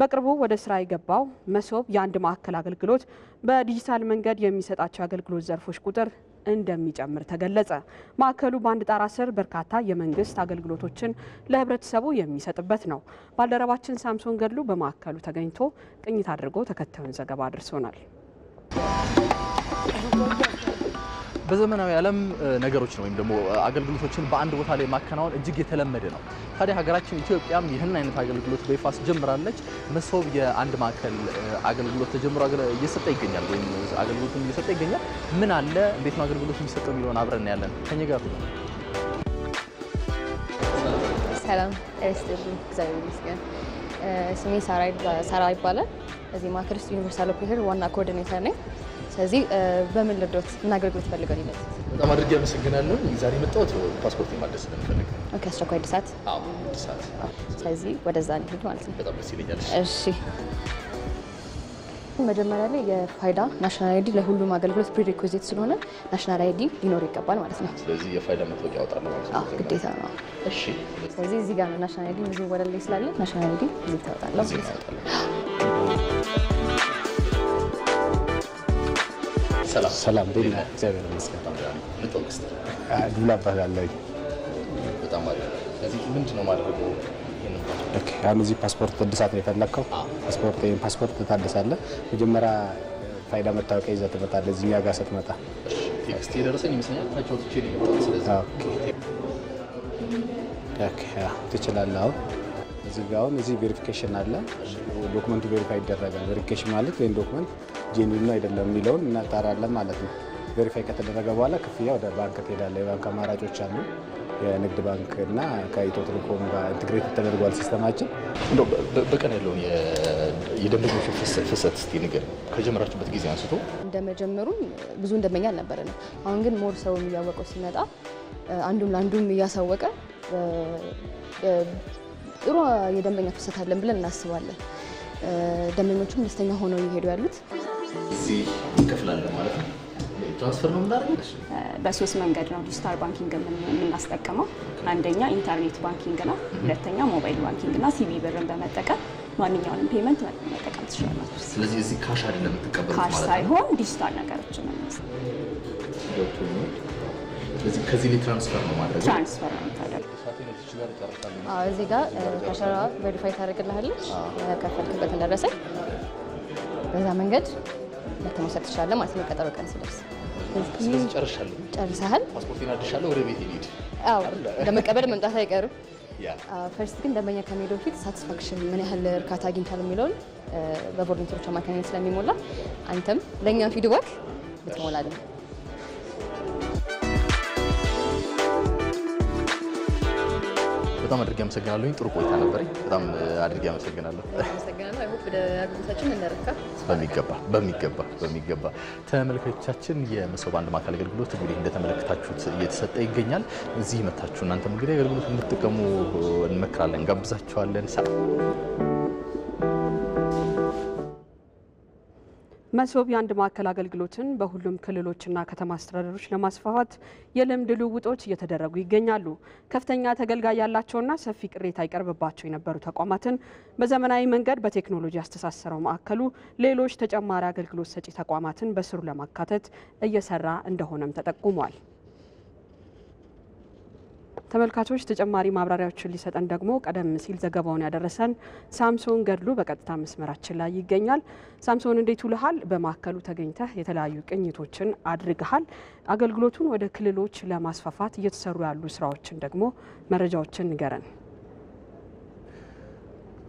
በቅርቡ ወደ ስራ የገባው መሶብ የአንድ ማዕከል አገልግሎት በዲጂታል መንገድ የሚሰጣቸው አገልግሎት ዘርፎች ቁጥር እንደሚጨምር ተገለጸ። ማዕከሉ በአንድ ጣራ ስር በርካታ የመንግስት አገልግሎቶችን ለህብረተሰቡ የሚሰጥበት ነው። ባልደረባችን ሳምሶን ገድሉ በማዕከሉ ተገኝቶ ቅኝት አድርጎ ተከታዩን ዘገባ አድርሶናል። በዘመናዊ ዓለም ነገሮች ነው ወይም ደግሞ አገልግሎቶችን በአንድ ቦታ ላይ ማከናወን እጅግ የተለመደ ነው። ታዲያ ሀገራችን ኢትዮጵያም ይህን አይነት አገልግሎት በይፋ ጀምራለች። መሶብ የአንድ ማዕከል አገልግሎት ተጀምሮ እየሰጠ ይገኛል ወይም አገልግሎቱን እየሰጠ ይገኛል። ምን አለ፣ እንዴት ነው አገልግሎት የሚሰጠው የሚለውን አብረን ያለን ከኛ ጋር ሰላም ስትልን እግዚአብሔር ይመስገን። ስሜ ሳራ ይባላል። እዚህ ማክርስ ዩኒቨርሳል ኦፕሬተር ዋና ኮኦርዲኔተር ነኝ። ስለዚህ በምን ልርዶት ምን አገልግሎት ፈልገው ይለት በጣም አድርጌ አመሰግናለሁ። ዛሬ የመጣሁት ፓስፖርት ማደስ ስለምፈልግ አስቸኳይ እድሳት። ስለዚህ ወደዛ እንሂድ ማለት ነው። በጣም ደስ ይለኛል። እሺ መጀመሪያ ላይ የፋይዳ ናሽናል አይዲ ለሁሉም አገልግሎት ፕሪሪኩዚት ስለሆነ ናሽናል አይዲ ሊኖር ይገባል ማለት ነው። ስለዚህ የፋይዳ መታወቂያ ያወጣ ነው ማለት ነው፣ ግዴታ ነው። እሺ፣ ስለዚህ እዚህ ጋር ነው ናሽናል አይዲ እዚህ ወደ ላይ ስላለ ናሽናል አይዲ እዚህ ታወጣለህ። ሰላም እንዴት ነህ? እግዚአብሔር ይመስገን። ዱላ እባላለሁ። አሁን እዚህ ፓስፖርት እድሳት ነው የፈለግከው? ፓስፖርት ወይም ፓስፖርት ታደሳለህ። መጀመሪያ ፋይዳ መታወቂያ ይዘህ ትመጣለህ። እዚህ እኛ ጋር ስትመጣ ቴክስት የደረሰኝ ይመስለኛል። ትችላለህ። አሁን እዚህ ጋር አሁን እዚህ ቬሪፊኬሽን አለ። ዶክመንቱ ቬሪፋይ ይደረጋል። ቬሪፊኬሽን ማለት ወይም ዶክመንት ጄኒን አይደለም የሚለውን እናጣራለን ማለት ነው። ቬሪፋይ ከተደረገ በኋላ ክፍያ ወደ ባንክ ትሄዳለ። የባንክ አማራጮች አሉ። የንግድ ባንክ እና ከኢትዮ ቴሌኮም ጋር ኢንትግሬት ተደርጓል ሲስተማችን። በቀን ያለው የደንበኞች ፍሰት እስቲ ንገር። ከጀመራችሁበት ጊዜ አንስቶ እንደመጀመሩም ብዙ ደንበኛ አልነበረ አሁን ግን ሞር ሰውም እያወቀው ሲመጣ አንዱም ለአንዱም እያሳወቀ ጥሩ የደንበኛ ፍሰት አለን ብለን እናስባለን። ደንበኞቹም ደስተኛ ሆነው እየሄዱ ያሉት እዚህ እንከፍላለን ማለት ነው። ትራንስፈር ነው የምናደርገው። በሶስት መንገድ ነው ዲጂታል ባንኪንግ የምናስጠቀመው። አንደኛ ኢንተርኔት ባንኪንግ ነው። ሁለተኛ ሞባይል ባንኪንግ እና ሲቪ ብርን በመጠቀም ማንኛውንም ፔመንት መጠቀም ትችላላችሁ። ስለዚህ እዚህ ካሽ አይደለም የምትቀበሉት ካሽ ሳይሆን ዲጂታል ነገሮችን ነው። ስለዚህ ከዚህ ላይ ትራንስፈር ነው ማድረግ ትራንስፈር ነው እዚህ ጋር ከሸራ ቬሪፋይ ታደርግልሃለች ከፈልክበት እንደደረሰ በዛ መንገድ መተመውሰድ ትችላለህ ማለት ነው። ቀጠሮ ቀን ሲደርስ ጨርሰሃል። ፓስፖርቴን አድሻለሁ። ወደ ቤት ሄድ ለመቀበል መምጣት አይቀርም። ፈርስት ግን ደንበኛ ከመሄዱ በፊት ሳቲስፋክሽን ምን ያህል እርካታ አግኝቷል የሚለውን በቮለንቲሮች አማካኝነት ስለሚሞላ አንተም ለእኛም ፊድባክ ብትሞላልን በጣም አድርጌ አመሰግናለሁ። ጥሩ ቆይታ ነበረኝ። በጣም አድርጌ አመሰግናለሁ። በሚገባ በሚገባ በሚገባ ተመልካቾቻችን የመሶብ አንድ ማዕከል አገልግሎት እንግዲህ እንደተመለከታችሁት እየተሰጠ ይገኛል። እዚህ መታችሁ እናንተም እንግዲህ አገልግሎት እንድትጠቀሙ እንመክራለን፣ ጋብዛችኋለን። መሶብ የአንድ ማዕከል አገልግሎትን በሁሉም ክልሎችና ከተማ አስተዳደሮች ለማስፋፋት የልምድ ልውውጦች እየተደረጉ ይገኛሉ። ከፍተኛ ተገልጋይ ያላቸውና ሰፊ ቅሬታ ይቀርብባቸው የነበሩ ተቋማትን በዘመናዊ መንገድ በቴክኖሎጂ ያስተሳሰረው ማዕከሉ ሌሎች ተጨማሪ አገልግሎት ሰጪ ተቋማትን በስሩ ለማካተት እየሰራ እንደሆነም ተጠቁሟል። ተመልካቾች ተጨማሪ ማብራሪያዎችን ሊሰጠን ደግሞ ቀደም ሲል ዘገባውን ያደረሰን ሳምሶን ገድሉ በቀጥታ መስመራችን ላይ ይገኛል። ሳምሶን እንዴት ውልሃል? በማዕከሉ ተገኝተህ የተለያዩ ቅኝቶችን አድርገሃል። አገልግሎቱን ወደ ክልሎች ለማስፋፋት እየተሰሩ ያሉ ስራዎችን ደግሞ መረጃዎችን ንገረን።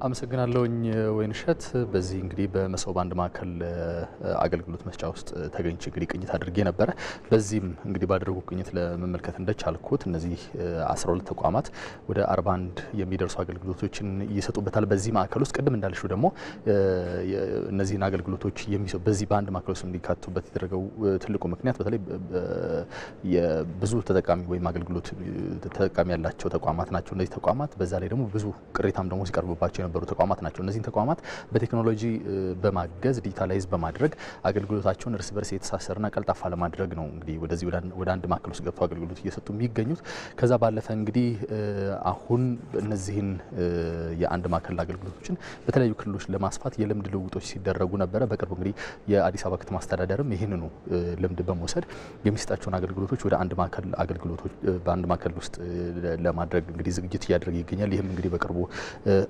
አመሰግናለሁኝ ወይንሸት። በዚህ እንግዲህ በመሶብ አንድ ማዕከል አገልግሎት መስጫ ውስጥ ተገኝቼ እንግዲህ ቅኝት አድርጌ ነበረ። በዚህም እንግዲህ ባደረጉ ቅኝት ለመመልከት እንደቻልኩት እነዚህ 12 ተቋማት ወደ 41 የሚደርሱ አገልግሎቶችን ይሰጡበታል። በዚህ ማዕከል ውስጥ ቅድም እንዳልሽው ደግሞ እነዚህን አገልግሎቶች የሚሰጡ በዚህ በአንድ ማዕከል ውስጥ እንዲካቱበት የተደረገው ትልቁ ምክንያት በተለይ ብዙ ተጠቃሚ ወይም አገልግሎት ተጠቃሚ ያላቸው ተቋማት ናቸው እነዚህ ተቋማት። በዛ ላይ ደግሞ ብዙ ቅሬታም ደግሞ ሲቀርቡባቸው የነበሩ ተቋማት ናቸው። እነዚህን ተቋማት በቴክኖሎጂ በማገዝ ዲጂታላይዝ በማድረግ አገልግሎታቸውን እርስ በርስ የተሳሰረና ቀልጣፋ ለማድረግ ነው እንግዲህ ወደዚህ ወደ አንድ ማዕከል ውስጥ ገብተው አገልግሎት እየሰጡ የሚገኙት። ከዛ ባለፈ እንግዲህ አሁን እነዚህን የአንድ ማዕከል አገልግሎቶችን በተለያዩ ክልሎች ለማስፋት የልምድ ልውውጦች ሲደረጉ ነበረ። በቅርቡ እንግዲህ የአዲስ አበባ ከተማ አስተዳደርም ይህንኑ ልምድ በመውሰድ የሚሰጣቸውን አገልግሎቶች ወደ አንድ ማዕከል አገልግሎቶች በአንድ ማዕከል ውስጥ ለማድረግ እንግዲህ ዝግጅት እያደረገ ይገኛል። ይህም እንግዲህ በቅርቡ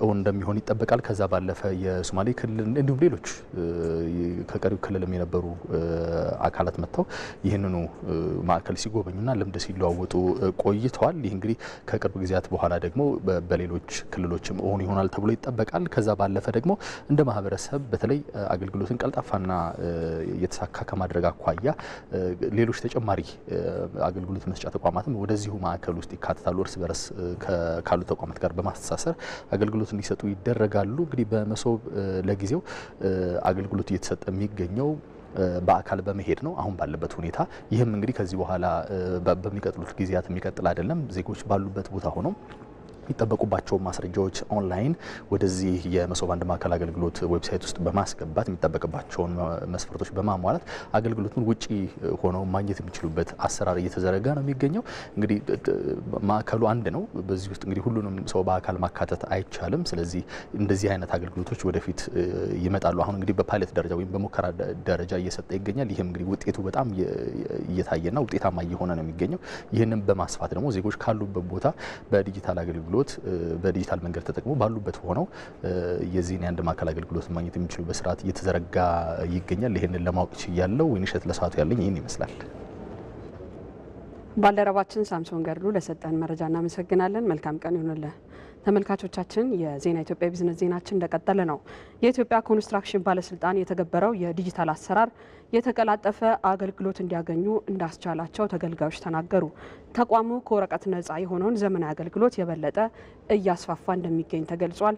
እውን እንደሚሆን መሆን ይጠበቃል። ከዛ ባለፈ የሶማሌ ክልል እንዲሁም ሌሎች ከቀሪው ክልልም የነበሩ አካላት መጥተው ይህንኑ ማዕከል ሲጎበኙና ልምድ ሲለዋወጡ ቆይተዋል። ይህ እንግዲህ ከቅርብ ጊዜያት በኋላ ደግሞ በሌሎች ክልሎችም እውን ይሆናል ተብሎ ይጠበቃል። ከዛ ባለፈ ደግሞ እንደ ማህበረሰብ በተለይ አገልግሎትን ቀልጣፋና የተሳካ ከማድረግ አኳያ ሌሎች ተጨማሪ አገልግሎት መስጫ ተቋማትም ወደዚሁ ማዕከል ውስጥ ይካተታሉ። እርስ በርስ ካሉ ተቋማት ጋር በማስተሳሰር አገልግሎት እንዲሰጡ ይደረጋሉ። እንግዲህ በመሶብ ለጊዜው አገልግሎት እየተሰጠ የሚገኘው በአካል በመሄድ ነው አሁን ባለበት ሁኔታ። ይህም እንግዲህ ከዚህ በኋላ በሚቀጥሉት ጊዜያት የሚቀጥል አይደለም። ዜጎች ባሉበት ቦታ ሆነው የሚጠበቁባቸው ማስረጃዎች ኦንላይን ወደዚህ የመሶብ አንድ ማዕከል አገልግሎት ዌብሳይት ውስጥ በማስገባት የሚጠበቅባቸውን መስፈርቶች በማሟላት አገልግሎቱን ውጪ ሆነው ማግኘት የሚችሉበት አሰራር እየተዘረጋ ነው የሚገኘው። እንግዲህ ማዕከሉ አንድ ነው። በዚህ ውስጥ እንግዲህ ሁሉንም ሰው በአካል ማካተት አይቻልም። ስለዚህ እንደዚህ አይነት አገልግሎቶች ወደፊት ይመጣሉ። አሁን እንግዲህ በፓይለት ደረጃ ወይም በሙከራ ደረጃ እየሰጠ ይገኛል። ይህም እንግዲህ ውጤቱ በጣም እየታየና ውጤታማ እየሆነ ነው የሚገኘው። ይህንም በማስፋት ደግሞ ዜጎች ካሉበት ቦታ በዲጂታል አገልግሎት አገልግሎት በዲጂታል መንገድ ተጠቅሞ ባሉበት ሆነው የዚህን የአንድ ማዕከል አገልግሎት ማግኘት የሚችሉበት ስርዓት እየተዘረጋ ይገኛል። ይህንን ለማወቅ ችያለው። ወይንሸት ለሰዓቱ ያለኝ ይህን ይመስላል። ባልደረባችን ሳምሶን ገድሉ ለሰጠን መረጃ እናመሰግናለን። መልካም ቀን ይሁንልን። ተመልካቾቻችን የዜና ኢትዮጵያ ቢዝነስ ዜናችን እንደቀጠለ ነው። የኢትዮጵያ ኮንስትራክሽን ባለስልጣን የተገበረው የዲጂታል አሰራር የተቀላጠፈ አገልግሎት እንዲያገኙ እንዳስቻላቸው ተገልጋዮች ተናገሩ። ተቋሙ ከወረቀት ነጻ የሆነውን ዘመናዊ አገልግሎት የበለጠ እያስፋፋ እንደሚገኝ ተገልጿል።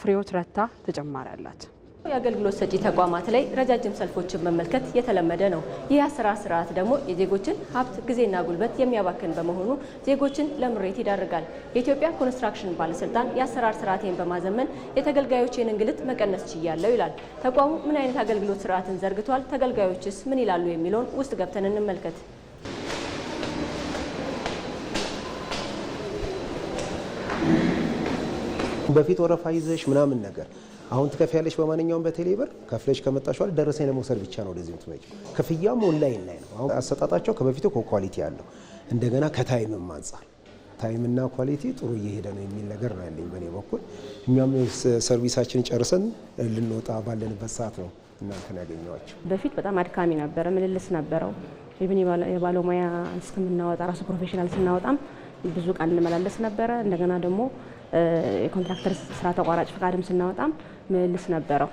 ፍሬዎት ረታ ተጨማሪ አላት። የአገልግሎት ሰጪ ተቋማት ላይ ረጃጅም ሰልፎችን መመልከት የተለመደ ነው። ይህ አሰራር ስርዓት ደግሞ የዜጎችን ሀብት ጊዜና ጉልበት የሚያባክን በመሆኑ ዜጎችን ለምሬት ይዳርጋል። የኢትዮጵያ ኮንስትራክሽን ባለስልጣን የአሰራር ስርዓቴን በማዘመን የተገልጋዮችን እንግልት መቀነስ ችያለው ይላል። ተቋሙ ምን አይነት አገልግሎት ስርዓትን ዘርግቷል? ተገልጋዮችስ ምን ይላሉ? የሚለውን ውስጥ ገብተን እንመልከት። በፊት ወረፋ ይዘሽ ምናምን ነገር አሁን ትከፍያለሽ በማንኛውም በቴሌ ብር ከፍለሽ ከመጣሽ በኋላ ደረሰኝ ለመውሰድ ብቻ ነው ወደዚህ የምትመጪው። ክፍያም ኦንላይን ላይ ነው። አሁን አሰጣጣቸው ከበፊቱ ከኳሊቲ ያለው እንደገና ከታይምም አንጻር ታይምና ኳሊቲ ጥሩ እየሄደ ነው የሚል ነገር ነው ያለኝ በእኔ በኩል። እኛም ሰርቪሳችን ጨርሰን ልንወጣ ባለንበት ሰዓት ነው እናንተን ያገኘዋቸው። በፊት በጣም አድካሚ ነበረ፣ ምልልስ ነበረው። ኢቭን የባለሙያ እስከምናወጣ ራሱ ፕሮፌሽናል ስናወጣም ብዙ ቃል እንመላለስ ነበረ። እንደገና ደግሞ የኮንትራክተር ስራ ተቋራጭ ፈቃድም ስናወጣም ምልልስ ነበረው።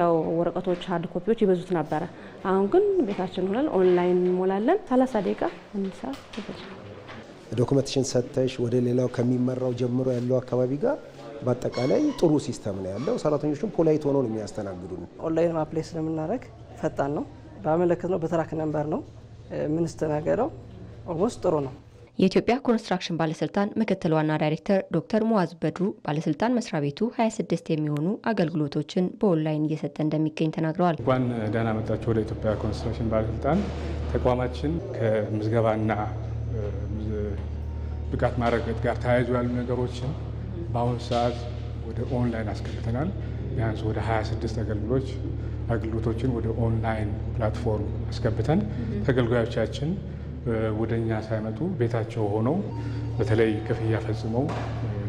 ያው ወረቀቶች ሀርድ ኮፒዎች ይበዙት ነበረ። አሁን ግን ቤታችን ሆነን ኦንላይን እንሞላለን። 30 ደቂቃ እንሳ ሰዓት ዶክመንቴሽን ሰጥተሽ ወደ ሌላው ከሚመራው ጀምሮ ያለው አካባቢ ጋር በአጠቃላይ ጥሩ ሲስተም ነው ያለው። ሰራተኞቹም ፖላይት ሆኖ ነው የሚያስተናግዱ። ኦንላይን አፕላይ ስለምናደርግ ፈጣን ነው። ባመለከት ነው በትራክ ነንበር ነው የምንስተናገደው። ኦልሞስት ጥሩ ነው። የኢትዮጵያ ኮንስትራክሽን ባለስልጣን ምክትል ዋና ዳይሬክተር ዶክተር ሙዋዝ በድሩ ባለስልጣን መስሪያ ቤቱ 26 የሚሆኑ አገልግሎቶችን በኦንላይን እየሰጠ እንደሚገኝ ተናግረዋል። እንኳን ደህና መጣችሁ ወደ ኢትዮጵያ ኮንስትራክሽን ባለስልጣን። ተቋማችን ከምዝገባና ብቃት ማረጋገጥ ጋር ተያይዞ ያሉ ነገሮችን በአሁኑ ሰዓት ወደ ኦንላይን አስገብተናል። ቢያንስ ወደ 26 አገልግሎች አገልግሎቶችን ወደ ኦንላይን ፕላትፎርም አስገብተን ተገልጋዮቻችን ወደ እኛ ሳይመጡ ቤታቸው ሆነው በተለይ ክፍያ ፈጽመው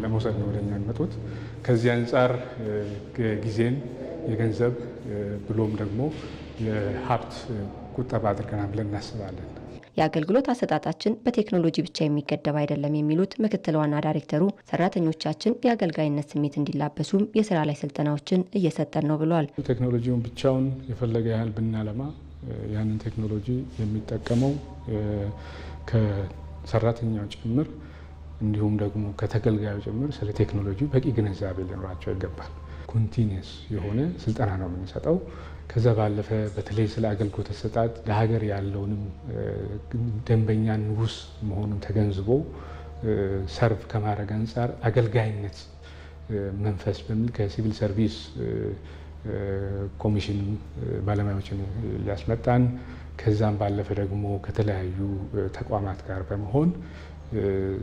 ለመውሰድ ነው ወደ እኛ የሚመጡት። ከዚህ አንጻር ጊዜን፣ የገንዘብ ብሎም ደግሞ የሀብት ቁጠባ አድርገናል ብለን እናስባለን። የአገልግሎት አሰጣጣችን በቴክኖሎጂ ብቻ የሚገደብ አይደለም የሚሉት ምክትል ዋና ዳይሬክተሩ ሰራተኞቻችን የአገልጋይነት ስሜት እንዲላበሱም የስራ ላይ ስልጠናዎችን እየሰጠን ነው ብሏል። ቴክኖሎጂውን ብቻውን የፈለገ ያህል ብናለማ ያንን ቴክኖሎጂ የሚጠቀመው ከሰራተኛው ጭምር እንዲሁም ደግሞ ከተገልጋዩ ጭምር ስለ ቴክኖሎጂ በቂ ግንዛቤ ሊኖራቸው ይገባል። ኮንቲኒየስ የሆነ ስልጠና ነው የምንሰጠው። ከዛ ባለፈ በተለይ ስለ አገልግሎት አሰጣጥ ለሀገር ያለውንም ደንበኛ ንጉስ መሆኑን ተገንዝቦ ሰርቭ ከማድረግ አንጻር አገልጋይነት መንፈስ በሚል ከሲቪል ሰርቪስ ኮሚሽን ባለሙያዎችን እያስመጣን ከዛም ባለፈ ደግሞ ከተለያዩ ተቋማት ጋር በመሆን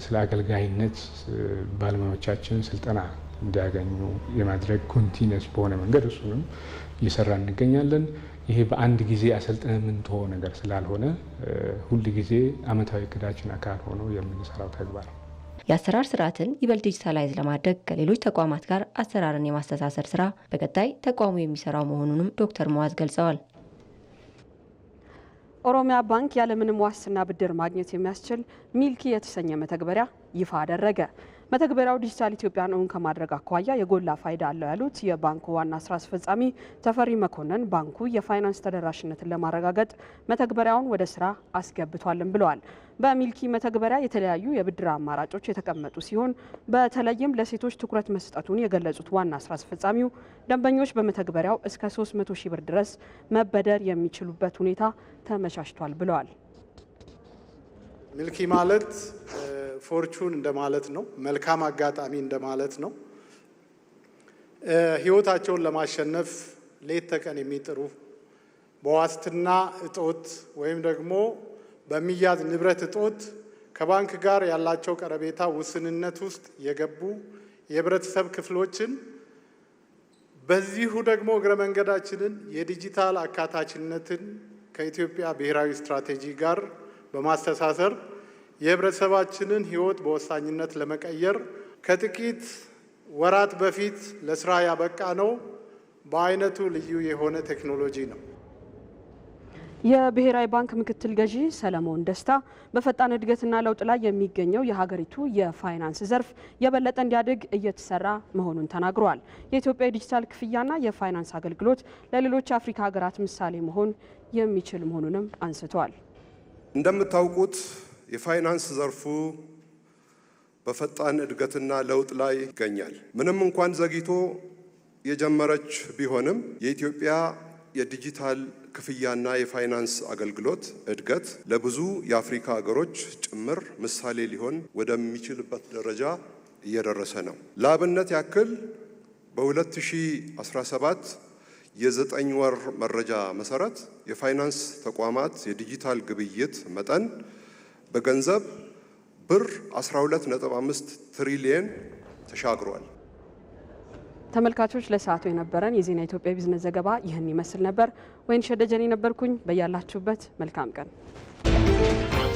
ስለ አገልጋይነት ባለሙያዎቻችን ስልጠና እንዲያገኙ የማድረግ ኮንቲነስ በሆነ መንገድ እሱንም እየሰራ እንገኛለን። ይሄ በአንድ ጊዜ አሰልጥነ የምንትሆ ነገር ስላልሆነ ሁል ጊዜ አመታዊ እቅዳችን አካል ሆኖ የምንሰራው ተግባር ነው። የአሰራር ስርዓትን ይበልጥ ዲጂታላይዝ ለማድረግ ከሌሎች ተቋማት ጋር አሰራርን የማስተሳሰር ስራ በቀጣይ ተቋሙ የሚሰራው መሆኑንም ዶክተር መዋዝ ገልጸዋል። ኦሮሚያ ባንክ ያለምንም ዋስትና ብድር ማግኘት የሚያስችል ሚልኪ የተሰኘ መተግበሪያ ይፋ አደረገ። መተግበሪያው ዲጂታል ኢትዮጵያን እውን ከማድረግ አኳያ የጎላ ፋይዳ አለው ያሉት የባንኩ ዋና ስራ አስፈጻሚ ተፈሪ መኮንን ባንኩ የፋይናንስ ተደራሽነትን ለማረጋገጥ መተግበሪያውን ወደ ስራ አስገብቷልን ብለዋል። በሚልኪ መተግበሪያ የተለያዩ የብድር አማራጮች የተቀመጡ ሲሆን በተለይም ለሴቶች ትኩረት መስጠቱን የገለጹት ዋና ስራ አስፈጻሚው ደንበኞች በመተግበሪያው እስከ 300 ሺህ ብር ድረስ መበደር የሚችሉበት ሁኔታ ተመቻችቷል ብለዋል። ሚልኪ ማለት ፎርቹን እንደማለት ነው። መልካም አጋጣሚ እንደማለት ነው። ህይወታቸውን ለማሸነፍ ሌት ተቀን የሚጥሩ በዋስትና እጦት ወይም ደግሞ በሚያዝ ንብረት እጦት ከባንክ ጋር ያላቸው ቀረቤታ ውስንነት ውስጥ የገቡ የህብረተሰብ ክፍሎችን በዚሁ ደግሞ እግረ መንገዳችንን የዲጂታል አካታችነትን ከኢትዮጵያ ብሔራዊ ስትራቴጂ ጋር በማስተሳሰር የህብረተሰባችንን ህይወት በወሳኝነት ለመቀየር ከጥቂት ወራት በፊት ለስራ ያበቃ ነው በአይነቱ ልዩ የሆነ ቴክኖሎጂ ነው። የብሔራዊ ባንክ ምክትል ገዢ ሰለሞን ደስታ በፈጣን እድገትና ለውጥ ላይ የሚገኘው የሀገሪቱ የፋይናንስ ዘርፍ የበለጠ እንዲያድግ እየተሰራ መሆኑን ተናግረዋል። የኢትዮጵያ የዲጂታል ክፍያና የፋይናንስ አገልግሎት ለሌሎች የአፍሪካ ሀገራት ምሳሌ መሆን የሚችል መሆኑንም አንስተዋል። እንደምታውቁት የፋይናንስ ዘርፉ በፈጣን እድገትና ለውጥ ላይ ይገኛል። ምንም እንኳን ዘግይቶ የጀመረች ቢሆንም የኢትዮጵያ የዲጂታል ክፍያና የፋይናንስ አገልግሎት እድገት ለብዙ የአፍሪካ ሀገሮች ጭምር ምሳሌ ሊሆን ወደሚችልበት ደረጃ እየደረሰ ነው። ለአብነት ያክል በ2017 የዘጠኝ ወር መረጃ መሰረት የፋይናንስ ተቋማት የዲጂታል ግብይት መጠን በገንዘብ ብር 12.5 ትሪሊየን ተሻግሯል። ተመልካቾች ለሰዓቱ የነበረን የዜና ኢትዮጵያ ቢዝነስ ዘገባ ይህን ይመስል ነበር። ወይን ሸደጀኔ ነበርኩኝ። በያላችሁበት መልካም ቀን